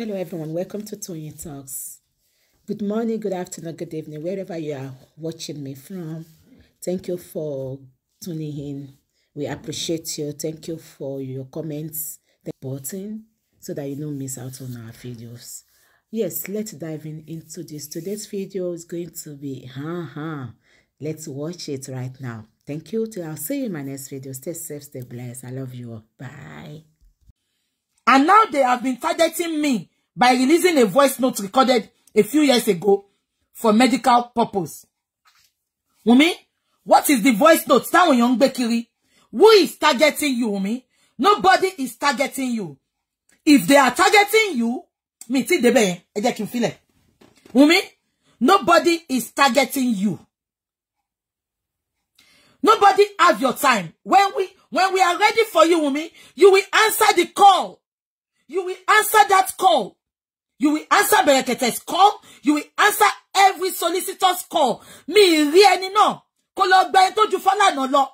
Hello, everyone. Welcome to Tony Talks. Good morning, good afternoon, good evening, wherever you are watching me from. Thank you for tuning in. We appreciate you. Thank you for your comments, the button, so that you don't miss out on our videos. Yes, let's dive in into this. Today's video is going to be, huh, huh. Let's watch it right now. Thank you. Till I'll see you in my next video. Stay safe, stay blessed. I love you all. Bye. And now they have been targeting me by releasing a voice note recorded a few years ago for medical purpose. Umi, what is the voice note? Táwọn èèyàn ń gbé Who is targeting you, Umi? Nobody is targeting you. If they are targeting you, me. ti débẹ̀ yẹn, ẹ jẹ́ kí n filẹ̀. nobody is targeting you. Nobody have your time. When we when we are ready for you, Umi, you will answer the call. You will answer that call. You will answer Berekete's call. You will answer every solicitor's call. Me rí ẹni náà. Kó lọ gba ẹni tó ju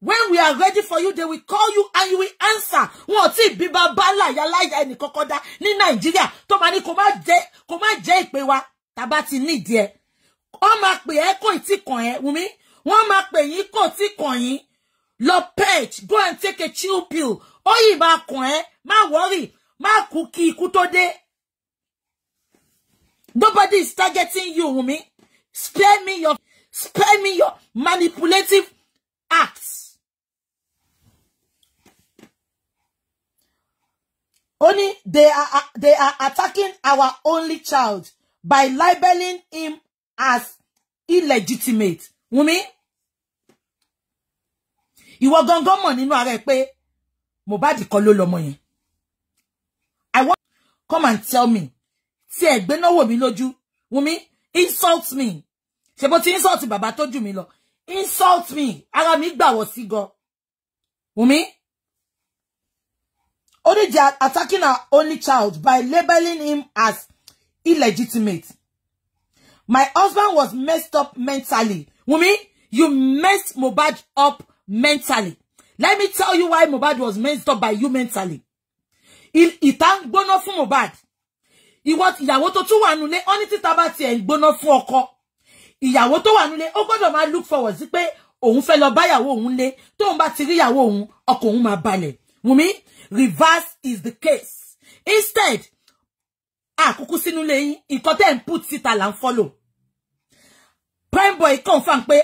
When we are ready for you, they will call you and you will answer. What if tí ì bí bàbá láyà láyà ẹnì kankan dá ní Nàìjíríà tó máa ní kó wa tabati ni nídìí ẹ̀. Wọ́n máa pè iti kò tí kàn ẹ́ Wùmí. Wọ́n iti pè yín page, go and take a chill pill ó yìí bá kàn ẹ́ má wọ́rì má kú kí ikú tó dé nobody is targeting you Wunmi spare me your spare me your manipulative acts. Only they are uh, they are attacking our only child by labeling him as illegitimate Wunmi ìwọ gangan mọ̀ nínú ara ẹ pé Mohbad kọ́ ló lọ́mọ yẹn i want come and tell me tí ẹ gbé náwó mi lójú Wùmí insult me ṣe bó ti insult bàbá tó jù mí insult me ara mi gbàwọ̀ sí gan Wùmí only they attacking our only child by labeling him as illegitimate. My husband was messed up mentally. Wumi, you messed Mohbad up mentally. Let me tell you why Mohbad was messed up by you mentally. Ìta ń gbóná fún Mohbad. Ìwọ ìyàwó tó tún wà nulẹ̀ ọ́ní títa bá tiẹ̀ ń gbóná fún ọkọ. Ìyàwó tó wà nulẹ̀ ó gbọ́dọ̀ máa look forward sí pé òun fẹ́ lọ báyàwó òun lé tóun bá ti rí ìyàwó òun ọkọ òun máa balẹ̀. Wùmí reverse is the case. Instead, àkókò sínú lẹ́yìn nǹkan tẹ́ ń put síta là follow. Prime boy confam pé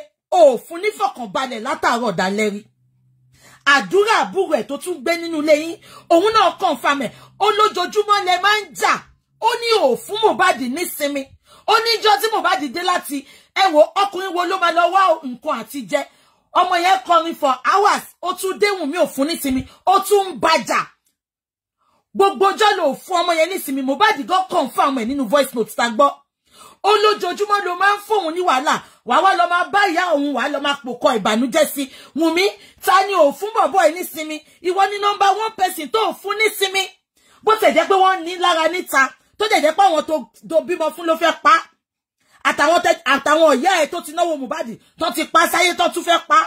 òfun oh, nífọ̀kànbalẹ̀ látàárọ̀ dalẹ́rìí àdúrà àbúrò ẹ̀ tó tún gbé nínú ilé yín òun náà confirm ẹ̀ ó lójoojúmọ́ lẹ máa ń jà ó ní òfún Mohbad nísinmi ó níjọ́ tí Mohbad dé láti ẹ wo ọkùnrin wo ló máa lọ wá nǹkan àti jẹ ọmọ yẹn kọrin for hours ó tún déhùn mi ò fún nísinmi ó tún ń bàjà gbogbo ọjọ́ ló fún ọmọ yẹn nísinmi Mohbad gan confirm ẹ̀ nínú voice note tá gbọ́ ó lójoojúmọ́ ló máa ń fóun ní wàhálà wàá wá lọ máa bá ìyá òun wàá lọ máa pòkọ ìbànújẹ́ sí Wùmí ta ni ò bọ̀bọ̀ ẹ nísinmi ìwọ ni nọ́mbà one person tó fún nísinmi bó tẹ̀ jẹ́ pé wọ́n ní lára níta tó tẹ̀ jẹ́ pé àwọn tó bímọ fún ló fẹ́ pa àtàwọn ìyá ẹ tó ti náwó Mohbad tó ti pa sáyé tó tún fẹ́ pa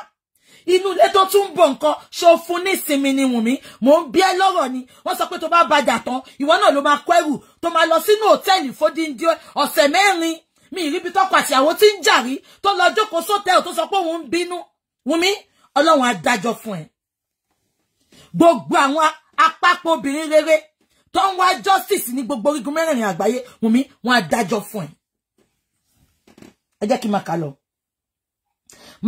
inú ilé tó tún ń bọ̀ nǹkan ṣo fún nísinmi ni Wùmí mò ń bí ẹ lọ́rọ̀ ni wọ́n sọ pé tó bá bàjà tán ìwọ náà ló máa kọ́ ẹrù tó máa lọ sínú òtẹ́ẹ̀lì fódíndí ọ̀sẹ̀ mẹ́rin mi ìríbi tọkọ àtìyàwó tí ń jà tó lọ jókòó sótẹ́ẹ̀lì tó sọ pé òun ń bínú Wùmí ọlọ́run adájọ́ fún ẹ gbogbo àwọn apapọ̀ obìnrin rere tó ń wá justice ní gbogbo orígun mẹ́rẹ̀ẹ̀rin àgbáyé Wùmí wọn adájọ́ fún ẹ ẹ jẹ́ kí n máa kà lọ.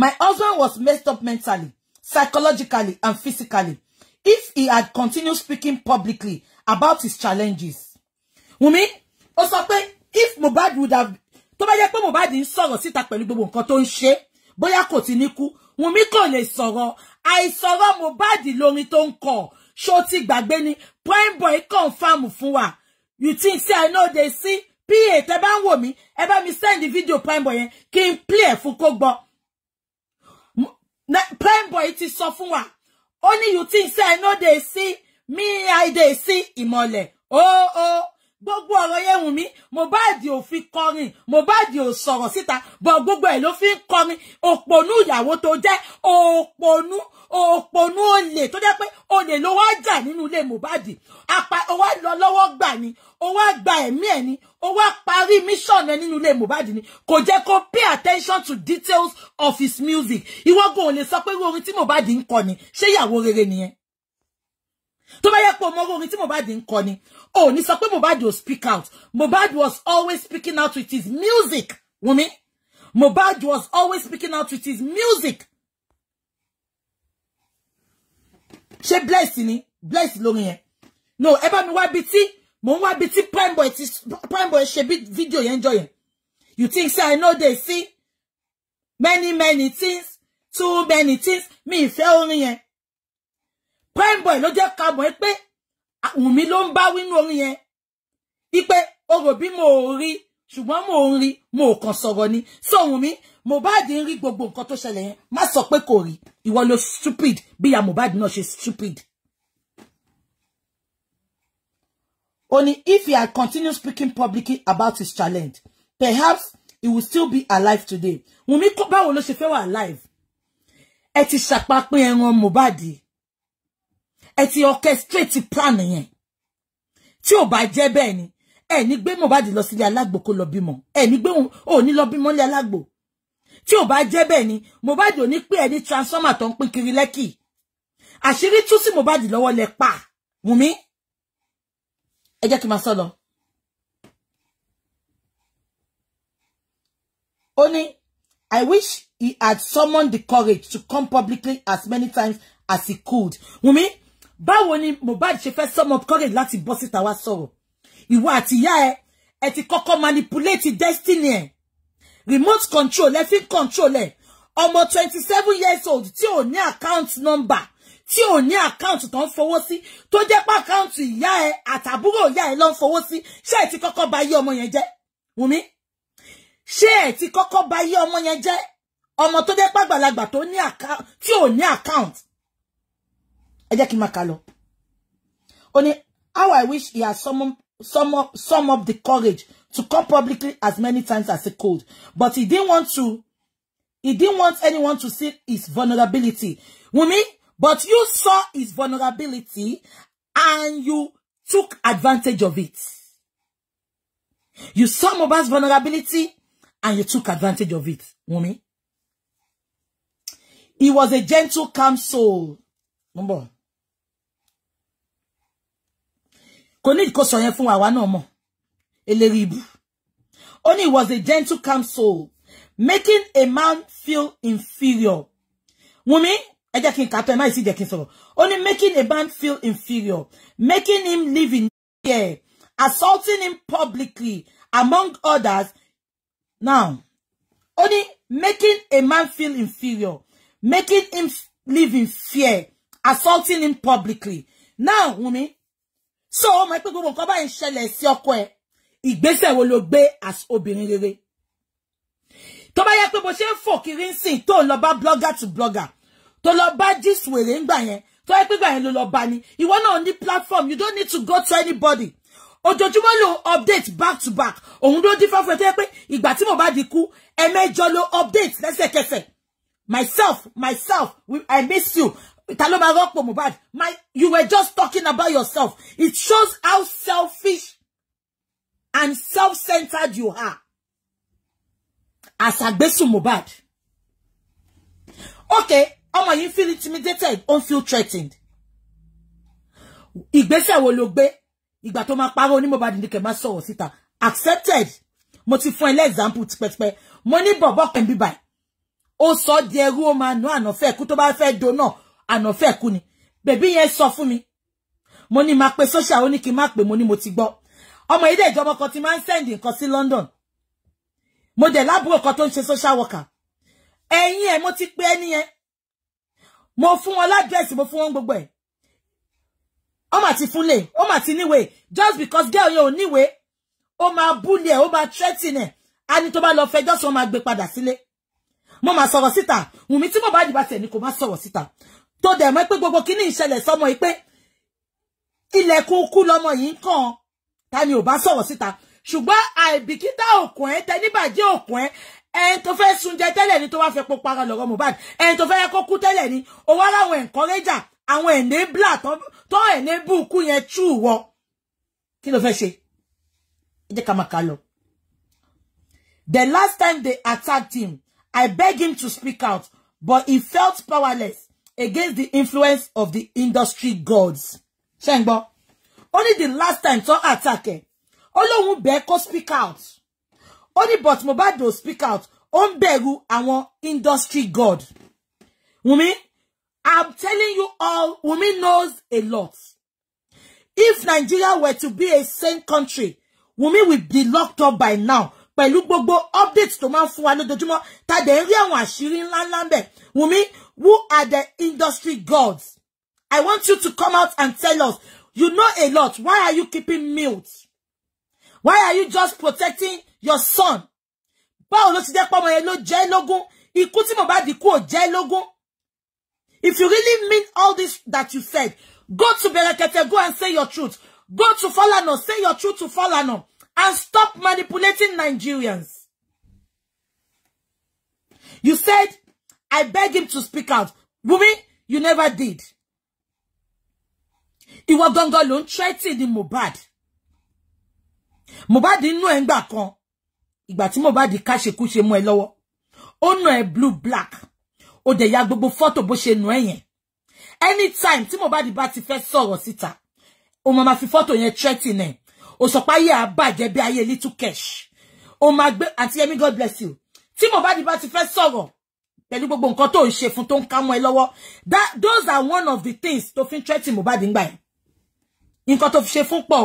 My husband was messed up mentally, psychologically, and physically. If he had continued speaking publicly about his challenges. Wùmí, ó sọ pé if Mohbad would have tó bá jẹ́ pé Mohbad ń sọ̀rọ̀ síta pẹ̀lú gbogbo nǹkan tó ń ṣe bóyá kò ti ní kú Wùnmí kò lè sọ̀rọ̀ àìsọ̀rọ̀ Mohbad lórin tó ń kọ ṣó ti gbàgbé ni prime boy confam fún wa you think say I know dey see pa tẹ bá ń wò mí ẹ bá mi send video prime boy yẹn kí n play ẹ fún kó gbọ́ prime boy ti sọ fún wa ó ní you think say I know dey see me I dey see ìmọ̀lẹ̀ Oh oh gbogbo ọ̀rọ̀ yẹn wù mí Mohbad ò fi kọrin Mohbad ò sọ̀rọ̀ síta bọ̀ gbogbo ẹ̀ ló fi ń kọrin òpònú ìyàwó tó jẹ́ òpònú òpònú olè tó jẹ́ pé olè ló wá jà nínú ilé Mohbad apá ó lọ lọ́wọ́ gbà ni ó gba ẹ̀mí ẹ̀ ni ó parí mission ẹ nínú ilé Mohbad ni kò jẹ́ kó pay attention to details of his music ìwọ́gbọ̀n ò lè sọ pé orin tí Mohbad ń kọ ni ṣé ìyàwó rere nìyẹn tó bá yẹ pé ọmọ orin tí Mohbad ń kọ ni ò ní sọ pé Mohbad ò speak out Mohbad was always speaking out with his music Wunmi Mohbad was always speaking out with his music ṣé bless ni bless lórí yẹn no ẹ bá mi wá bi tí mo ń wá bi tí prime boy ti prime boy ṣe bí video, yẹn jọ yẹn you think say I know they see many many things too many things mi ìfẹ́ orin yẹn prime boy ló jẹ́ ká mọ̀ ẹ́ pé Wùnmí ló ń bá wínú orin yẹn ipe orò bí mo ò rí mo ò mo ò kàn ni so Wùnmí Mohbad ń rí gbogbo nǹkan tó ṣẹlẹ̀ yẹn má sọ pé kò rí ìwọ ló stupid bí ya Mohbad náà ṣe stupid. ó if he had continued speaking publicly about his challenge perhaps he would still be alive today Wùnmí báwo ló ṣe fẹ́ wà alive ẹ ti ṣàpapín ẹran Mohbad yìí ẹ ti orchestrate plan yẹn tí ò bá jẹ́ bẹ́ẹ̀ ni ẹ ní gbé Mohbad lọ sílé alágbo kó lọ bímọ ẹ ní gbé ò ní lọ bímọ lé alágbo tí ò bá jẹ́ bẹ́ẹ̀ ni Mohbad ò ní pé ẹ ní transformer tó ń pín kiri lẹ́kì àṣírí tú sí Mohbad lọ́wọ́ lẹ pa Wùmí ẹ jẹ́ kí n máa sọ lọ. ó I wish he had summoned the courage to come publicly as many times as he could Wùmí báwo ni Mohbad ṣe fẹ́ sum up courage láti bọ́ síta wá sọ̀rọ̀ ìwọ àti ìyá ẹ ẹ ti kọ́kọ́ manipulate destiny ẹ remote control ẹ fi control ẹ ọmọ twenty seven years old tí ò ní account number tí ò ní àkáǹtì tó ń fowó sí tó jẹ́ pé àkáǹtì ìyá ẹ àtàbúrò ìyá ẹ ló ń fowó sí ṣé ẹ ti kọ́kọ́ bà yé ọmọ yẹn jẹ́ Wùmí ṣé ẹ ti kọ́kọ́ bà yé ọmọ yẹn jẹ́ ọmọ tó jẹ́ pé àgbàlagbà tó ní àkáǹtì tí ò ní àkáǹtì ẹ jẹ́ kí n máa kà lọ ó ní how i wish he had some some up some up the courage to come publicly as many times as he could but he didn't want to he didn't want anyone to see his vulnerability Wunmi but you saw his vulnerability and you took advantage of it. You saw Mohbad's vulnerability and you took advantage of it, Wunmi. He was a gentle, calm soul. Number one. kò ní kó sọ yẹn fún àwa náà mọ̀ eléri ibu ó ní was a gentle calm soul making a man feel inferior Wunmi ẹ jẹ́ kí n kàtọ́ ẹ má sì jẹ́ kí n sọ̀rọ̀ ó ní making a man feel inferior making him live in fear assaulting him publicly among others now ó ní making a man feel inferior making him live in fear assaulting him publicly now Wunmi so ó mọ̀ pé gbogbo nǹkan báyìí ń ṣẹlẹ̀ sí ọkọ ẹ̀ ìgbésẹ̀ wo ló gbé as obìnrin rere tó bá yẹ pé bó ṣe ń fò kiri ń sìn tó lọ bá blogger to blogger tó lọ bá gist wèrè ńgbà yẹn tó yẹ pé gbà yẹn ló lọ bá ni ìwọ náà ní platform you don't need to go to anybody ojoojúmọ́ ló update back to back òun ló dín fáfún ẹ tó yẹ pé ìgbà tí mo bá di kú ẹ̀mẹ́jọ ló update lẹ́sẹ̀kẹsẹ̀ myself myself i miss you my you were just talking about yourself it shows how selfish and self-centered you are àṣàgbésùn mubad. okay ọmọ yìí feel intimidated Unfeel threatened ìgbésẹ̀ wo ló gbé ìgbà tó máa parọ́ ní Mohbad ní kẹ̀ máa accepted mo ti fún ẹ lẹ́ example tipẹ́tipẹ́ mo ní bọ̀bọ̀ kan bíbáyìí ó sọ di ẹrú ó máa nú ànáfẹ́ kú àná fẹ́ kú ni bèbí yẹn sọ fún mi mo ní máa pe social ó ní kí n má pè mo ní mo ti gbọ́ ọmọ ilé ìjọba kan ti máa send nǹkan sí London mo dẹ̀ lábúrò kan tó ń social worker ẹ̀yin ẹ̀ mo ti pe ẹni yẹn mo fún wọn ládírẹ́sì mo fún wọn gbogbo ẹ̀ ó mà ti fúnlé ó mà ti níwèé just because girl yẹn ò níwèé ó máa búlẹ̀ ó máa threaten ẹ̀ á ní tó bá lọ fẹjọ́ sọ máa gbé padà sílé mo máa sọ̀rọ̀ síta wùmí tí mo bá dìbà tẹ̀ ni kò máa sọ̀rọ̀ síta tó dẹ̀ mọ́ pé gbogbo kíní ìṣẹ̀lẹ̀ sọmọ yìí pé ilẹ̀kùn kú lọmọ yìí kàn ta ni ò bá sọ̀rọ̀ síta ṣùgbọ́n àìbìkítà òkun ẹ̀ tẹ òkun ẹ̀ ẹni tó fẹ́ sunjẹ tẹ́lẹ̀ ni tó wá fẹ́ pupa ara lọ́rọ̀ Mohbad ẹni tó fẹ́ yẹ kó kú tẹ́lẹ̀ ni ó wá láwọn ẹ̀ńkọ́rẹ́jà àwọn ẹ̀nẹ́bìlà tó ẹ̀nẹ́bù kú yẹn tú wọ kí ló fẹ́ ṣe ẹ jẹ́ ká máa kà lọ. The last time they attacked him, I begged him to speak out, but he felt powerless against the influence of the industry gods. Ṣé Only the last time tó attack ẹ̀. Ó lóun speak out. Only but Mohbad speak out. Ó begu bẹ̀rù industry god. Wunmi, I'm telling you all, Wunmi knows a lot. If Nigeria were to be a same country, Wunmi will be locked up by now pẹ̀lú gbogbo update tó máa ń fún wa lójoojúmọ́ ta dẹ̀ ń rí àwọn àṣírí ńláńlá ń bẹ̀ Wùmí who are the industry gods I want you to come out and tell us you know a lot why are you keeping mute why are you just protecting your son báwo ló ti jẹ́ pọ́mọ yẹn ló jẹ́ lógún ikú tí Mohbad kú ò jẹ́ lógún if you really mean all this that you said go to Berekete go and say your truth go to Falana say your truth to Falana and stop manipulating Nigerians. You said, I beg him to speak out. Wumi, you never did. Ìwọ gangan ló ń threaten Mubad. Mohbad. Mohbad nú ẹ̀ ń gbà kan. Ìgbà tí Mohbad káṣekúṣe mọ́ ẹ lọ́wọ́. Ó nà ẹ́ blue black. Ó dẹ̀ ya gbogbo fọ́tò bó ṣe nù ẹ́ yẹn. Anytime tí Mohbad bá ti fẹ́ sọ̀rọ̀ síta, ó máa ma fi fọ́tò yẹn threaten o sọ pé ayé àbàjẹ́ bí ayé little cash o máa gbé àti yẹmi god bless you tí Mohbad bá ti fẹ́ sọ̀rọ̀ pẹ̀lú gbogbo nǹkan tó ń ṣe fún tó ń ká mọ́ that those are one of the things to fi ń threaten Mohbad ń gbà yẹn nǹkan tó fi ṣe fún pọ̀